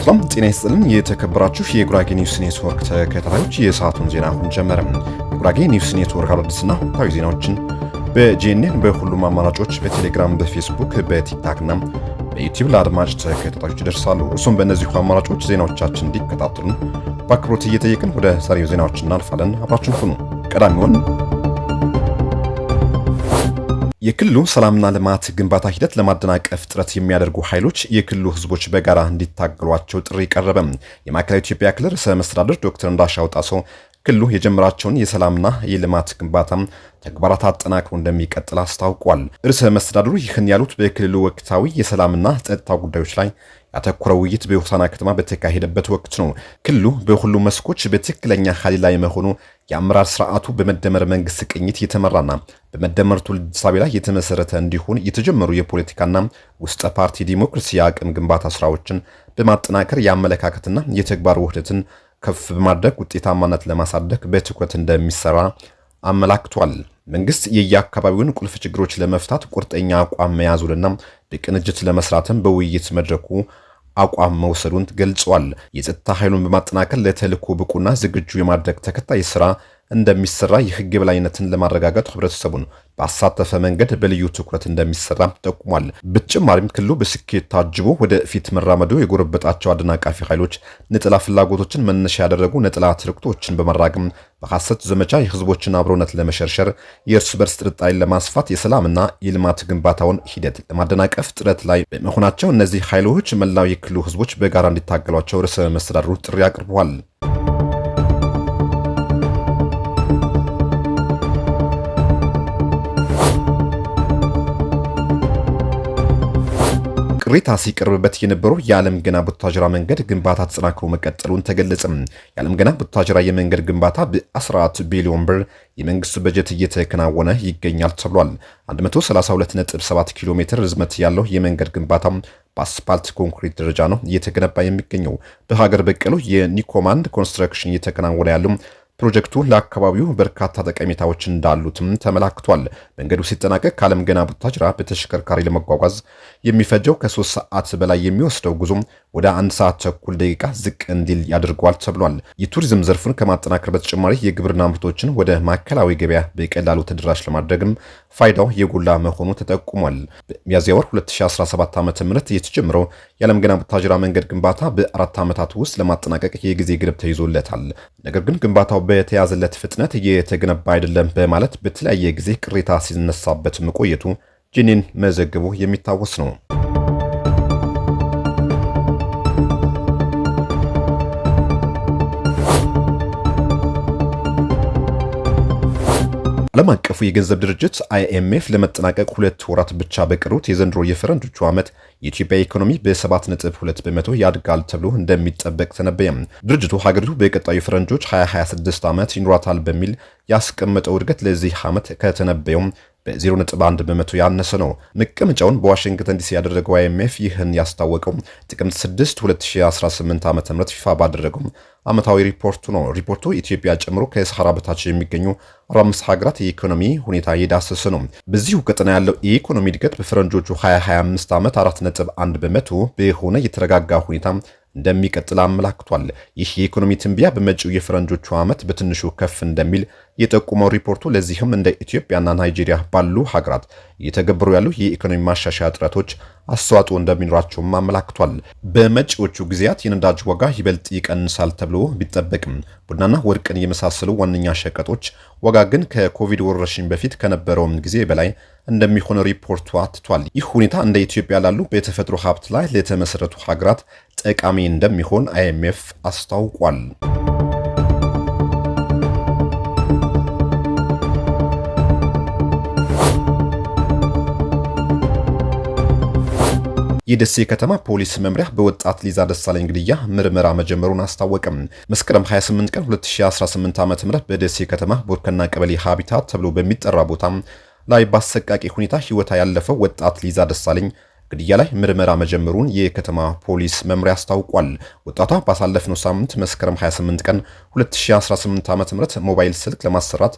ሰላም ጤና ይስጥልን። የተከበራችሁ የጉራጌ ኒውስ ኔትወርክ ተከታታዮች የሰዓቱን ዜና አሁን ጀመረ። ጉራጌ ኒውስ ኔትወርክ አዳዲስና ወቅታዊ ዜናዎችን በጄኔን በሁሉም አማራጮች በቴሌግራም፣ በፌስቡክ፣ እና በዩቲዩብ ለአድማጭ ተከታታዮች ይደርሳሉ። እርሱም በእነዚሁ አማራጮች ዜናዎቻችን እንዲከታተሉን በአክብሮት እየጠየቅን ወደ ሰሪው ዜናዎች እናልፋለን። አብራችን ሁኑ። ቀዳሚውን የክልሉን ሰላምና ልማት ግንባታ ሂደት ለማደናቀፍ ጥረት የሚያደርጉ ኃይሎች የክልሉ ህዝቦች በጋራ እንዲታገሏቸው ጥሪ ቀረበ። የማዕከላዊ ኢትዮጵያ ክልል ርዕሰ መስተዳድር ዶክተር እንዳሻው ጣሰው ክልሉ የጀመራቸውን የሰላምና የልማት ግንባታ ተግባራት አጠናክሮ እንደሚቀጥል አስታውቋል። ርዕሰ መስተዳድሩ ይህን ያሉት በክልሉ ወቅታዊ የሰላምና ጸጥታ ጉዳዮች ላይ ያተኮረ ውይይት በሆሳና ከተማ በተካሄደበት ወቅት ነው። ክልሉ በሁሉ መስኮች በትክክለኛ ሀዲል ላይ መሆኑ የአመራር ስርዓቱ በመደመር መንግስት ቅኝት የተመራና በመደመር ትውልድ ሳቤ ላይ የተመሰረተ እንዲሆን የተጀመሩ የፖለቲካና ውስጠ ፓርቲ ዲሞክራሲ የአቅም ግንባታ ስራዎችን በማጠናከር የአመለካከትና የተግባር ውህደትን ከፍ በማድረግ ውጤታማነት ለማሳደግ በትኩረት እንደሚሰራ አመላክቷል። መንግስት የየአካባቢውን ቁልፍ ችግሮች ለመፍታት ቁርጠኛ አቋም መያዙንና በቅንጅት ለመስራትም በውይይት መድረኩ አቋም መውሰዱን ገልጿል። የጸጥታ ኃይሉን በማጠናከር ለተልኮ ብቁና ዝግጁ የማድረግ ተከታይ ስራ እንደሚሰራ የህግ የበላይነትን ለማረጋገጥ ህብረተሰቡን ባሳተፈ መንገድ በልዩ ትኩረት እንደሚሰራ ጠቁሟል። በተጨማሪም ክልሉ በስኬት ታጅቦ ወደፊት መራመዱ የጎረበጣቸው አደናቃፊ ኃይሎች ነጠላ ፍላጎቶችን መነሻ ያደረጉ ነጠላ ትርክቶችን በመራግም በሐሰት ዘመቻ የህዝቦችን አብሮነት ለመሸርሸር፣ የእርስ በርስ ጥርጣሬን ለማስፋት፣ የሰላምና የልማት ግንባታውን ሂደት ለማደናቀፍ ጥረት ላይ በመሆናቸው እነዚህ ኃይሎች መላው የክልሉ ህዝቦች በጋራ እንዲታገሏቸው ርዕሰ መስተዳድሩ ጥሪ አቅርበዋል። ቅሬታ ሲቀርብበት የነበረው የዓለም ገና ቡታጅራ መንገድ ግንባታ ተጠናክሮ መቀጠሉን ተገለጸም። የዓለም ገና ቡታጅራ የመንገድ ግንባታ በ14 ቢሊዮን ብር የመንግስት በጀት እየተከናወነ ይገኛል ተብሏል። 132.7 ኪሎ ሜትር ርዝመት ያለው የመንገድ ግንባታ በአስፓልት ኮንክሪት ደረጃ ነው እየተገነባ የሚገኘው። በሀገር በቀሉ የኒኮማንድ ኮንስትራክሽን እየተከናወነ ያለው ፕሮጀክቱ ለአካባቢው በርካታ ጠቀሜታዎች እንዳሉትም ተመላክቷል። መንገዱ ሲጠናቀቅ ከዓለም ገና ቡታጅራ በተሽከርካሪ ለመጓጓዝ የሚፈጀው ከሶስት ሰዓት በላይ የሚወስደው ጉዞ ወደ አንድ ሰዓት ተኩል ደቂቃ ዝቅ እንዲል ያደርገዋል ተብሏል። የቱሪዝም ዘርፉን ከማጠናከር በተጨማሪ የግብርና ምርቶችን ወደ ማዕከላዊ ገበያ በቀላሉ ተደራሽ ለማድረግም ፋይዳው የጎላ መሆኑ ተጠቁሟል። በሚያዝያ ወር 2017 ዓ ም የተጀመረው የዓለም ገና ቡታጅራ መንገድ ግንባታ በአራት ዓመታት ውስጥ ለማጠናቀቅ የጊዜ ገደብ ተይዞለታል። ነገር ግን ግንባታው በተያዘለት ፍጥነት እየተገነባ አይደለም በማለት በተለያየ ጊዜ ቅሬታ ሲነሳበት መቆየቱ ጂኒን መዘግቡ የሚታወስ ነው። ዓለም አቀፉ የገንዘብ ድርጅት አይኤምኤፍ ለመጠናቀቅ ሁለት ወራት ብቻ በቀሩት የዘንድሮ የፈረንጆቹ ዓመት የኢትዮጵያ ኢኮኖሚ በ7.2 በመቶ ያድጋል ተብሎ እንደሚጠበቅ ተነበየ። ድርጅቱ ሀገሪቱ በቀጣዩ ፈረንጆች 2026 ዓመት ይኖራታል በሚል ያስቀመጠው እድገት ለዚህ ዓመት ከተነበየውም በ0.1 በመቶ ያነሰ ነው። መቀመጫውን በዋሽንግተን ዲሲ ያደረገው አይኤምኤፍ ይህን ያስታወቀው ጥቅምት 6 2018 ዓ ም ፊፋ ባደረገው ዓመታዊ ሪፖርቱ ነው። ሪፖርቱ ኢትዮጵያ ጨምሮ ከሰሃራ በታች የሚገኙ አምስት ሀገራት የኢኮኖሚ ሁኔታ የዳሰሰ ነው። በዚሁ ቀጠና ያለው የኢኮኖሚ እድገት በፈረንጆቹ 2025 ዓመት 4.1 በመቶ በሆነ የተረጋጋ ሁኔታ እንደሚቀጥል አመላክቷል። ይህ የኢኮኖሚ ትንቢያ በመጪው የፈረንጆቹ ዓመት በትንሹ ከፍ እንደሚል የጠቁመው ሪፖርቱ ለዚህም እንደ ኢትዮጵያና ናይጄሪያ ባሉ ሀገራት እየተገበሩ ያሉ የኢኮኖሚ ማሻሻያ ጥረቶች አስተዋጽኦ እንደሚኖራቸውም አመላክቷል። በመጪዎቹ ጊዜያት የነዳጅ ዋጋ ይበልጥ ይቀንሳል ተብሎ ቢጠበቅም ቡናና ወርቅን የመሳሰሉ ዋነኛ ሸቀጦች ዋጋ ግን ከኮቪድ ወረርሽኝ በፊት ከነበረውም ጊዜ በላይ እንደሚሆን ሪፖርቱ አትቷል። ይህ ሁኔታ እንደ ኢትዮጵያ ላሉ በተፈጥሮ ሀብት ላይ ለተመሰረቱ ሀገራት ጠቃሚ እንደሚሆን አይኤምኤፍ አስታውቋል። የደሴ ከተማ ፖሊስ መምሪያ በወጣት ሊዛ ደሳለኝ ግድያ ምርመራ መጀመሩን አስታወቀም። መስከረም 28 ቀን 2018 ም በደሴ ከተማ ቦርከና ቀበሌ ሀቢታት ተብሎ በሚጠራ ቦታ ላይ በአሰቃቂ ሁኔታ ህይወታ ያለፈው ወጣት ሊዛ ደሳለኝ ግድያ ላይ ምርመራ መጀመሩን የከተማ ፖሊስ መምሪያ አስታውቋል። ወጣቷ ባሳለፍነው ሳምንት መስከረም 28 ቀን 2018 ም ሞባይል ስልክ ለማሰራት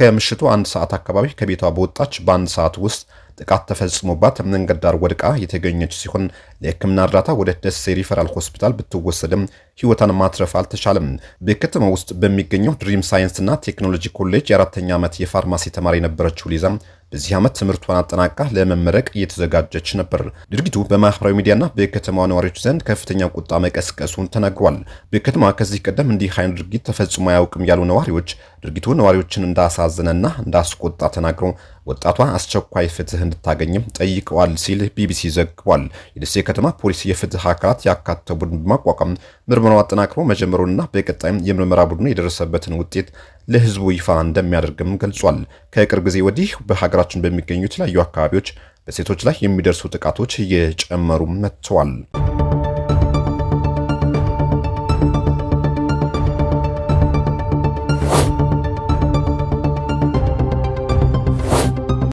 ከምሽቱ አንድ ሰዓት አካባቢ ከቤቷ በወጣች በአንድ ሰዓት ውስጥ ጥቃት ተፈጽሞባት መንገድ ዳር ወድቃ የተገኘች ሲሆን ለሕክምና እርዳታ ወደ ደሴ ሪፈራል ሆስፒታል ብትወሰድም ህይወቷን ማትረፍ አልተቻለም። በከተማ ውስጥ በሚገኘው ድሪም ሳይንስና ቴክኖሎጂ ኮሌጅ የአራተኛ ዓመት የፋርማሲ ተማሪ የነበረችው ሊዛ በዚህ ዓመት ትምህርቷን አጠናቃ ለመመረቅ እየተዘጋጀች ነበር። ድርጊቱ በማህበራዊ ሚዲያና በከተማዋ ነዋሪዎች ዘንድ ከፍተኛ ቁጣ መቀስቀሱን ተናግሯል። በከተማ ከዚህ ቀደም እንዲህ አይነት ድርጊት ተፈጽሞ አያውቅም ያሉ ነዋሪዎች ድርጊቱ ነዋሪዎችን እንዳሳዘነና እንዳስቆጣ ተናግሮ ወጣቷ አስቸኳይ ፍትህ እንድታገኝም ጠይቀዋል ሲል ቢቢሲ ዘግቧል። የደሴ ከተማ ፖሊስ የፍትህ አካላት ያካተው ቡድን በማቋቋም ምርመራው አጠናክሮ መጀመሩንና በቀጣይም የምርመራ ቡድኑ የደረሰበትን ውጤት ለህዝቡ ይፋ እንደሚያደርግም ገልጿል። ከቅርብ ጊዜ ወዲህ በሀገራችን በሚገኙ የተለያዩ አካባቢዎች በሴቶች ላይ የሚደርሱ ጥቃቶች እየጨመሩ መጥተዋል።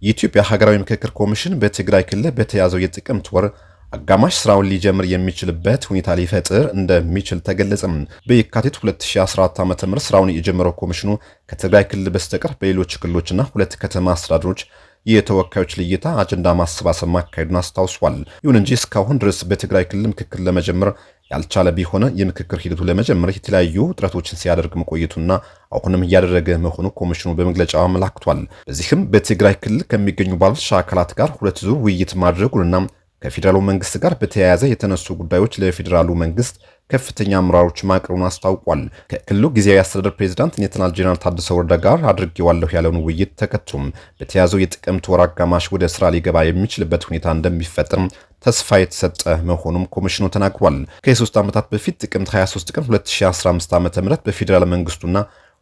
የኢትዮጵያ ሀገራዊ ምክክር ኮሚሽን በትግራይ ክልል በተያዘው የጥቅምት ወር አጋማሽ ስራውን ሊጀምር የሚችልበት ሁኔታ ሊፈጥር እንደሚችል ተገለጸም። በየካቲት 2014 ዓ ም ስራውን የጀመረው ኮሚሽኑ ከትግራይ ክልል በስተቀር በሌሎች ክልሎችና ሁለት ከተማ አስተዳደሮች የተወካዮች ልይታ አጀንዳ ማሰባሰብ ማካሄዱን አስታውሷል። ይሁን እንጂ እስካሁን ድረስ በትግራይ ክልል ምክክር ለመጀመር ያልቻለ ቢሆነ የምክክር ሂደቱ ለመጀመር የተለያዩ ጥረቶችን ሲያደርግ መቆየቱና አሁንም እያደረገ መሆኑ ኮሚሽኑ በመግለጫው አመላክቷል። በዚህም በትግራይ ክልል ከሚገኙ ባለድርሻ አካላት ጋር ሁለት ዙር ውይይት ማድረጉንና ከፌዴራሉ መንግስት ጋር በተያያዘ የተነሱ ጉዳዮች ለፌዴራሉ መንግስት ከፍተኛ አመራሮች ማቅረቡን አስታውቋል። ከክልሉ ጊዜያዊ አስተዳደር ፕሬዚዳንት ኔትናል ጄኔራል ታደሰ ወረደ ጋር አድርጌዋለሁ ያለውን ውይይት ተከቶም በተያዘው የጥቅምት ወር አጋማሽ ወደ ስራ ሊገባ የሚችልበት ሁኔታ እንደሚፈጥርም ተስፋ የተሰጠ መሆኑም ኮሚሽኑ ተናግሯል። ከሶስት ዓመታት በፊት ጥቅምት 23 ቀን 2015 ዓ ም በፌዴራል መንግስቱና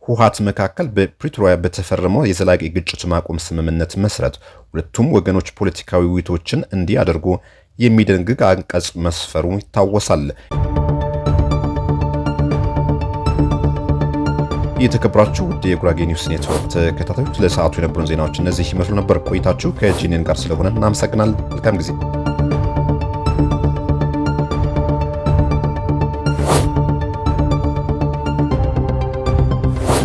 ህወሓት መካከል በፕሪቶሪያ በተፈረመው የዘላቂ ግጭት ማቆም ስምምነት መሰረት ሁለቱም ወገኖች ፖለቲካዊ ውይይቶችን እንዲያደርጉ የሚደንግግ አንቀጽ መስፈሩ ይታወሳል። የተከበራችሁ ውድ የጉራጌ ኒውስ ኔትወርክ ተከታታዮች ለሰዓቱ የነበሩን ዜናዎች እነዚህ ይመስሉ ነበር። ቆይታችሁ ከጂኒን ጋር ስለሆነ እናመሰግናል። መልካም ጊዜ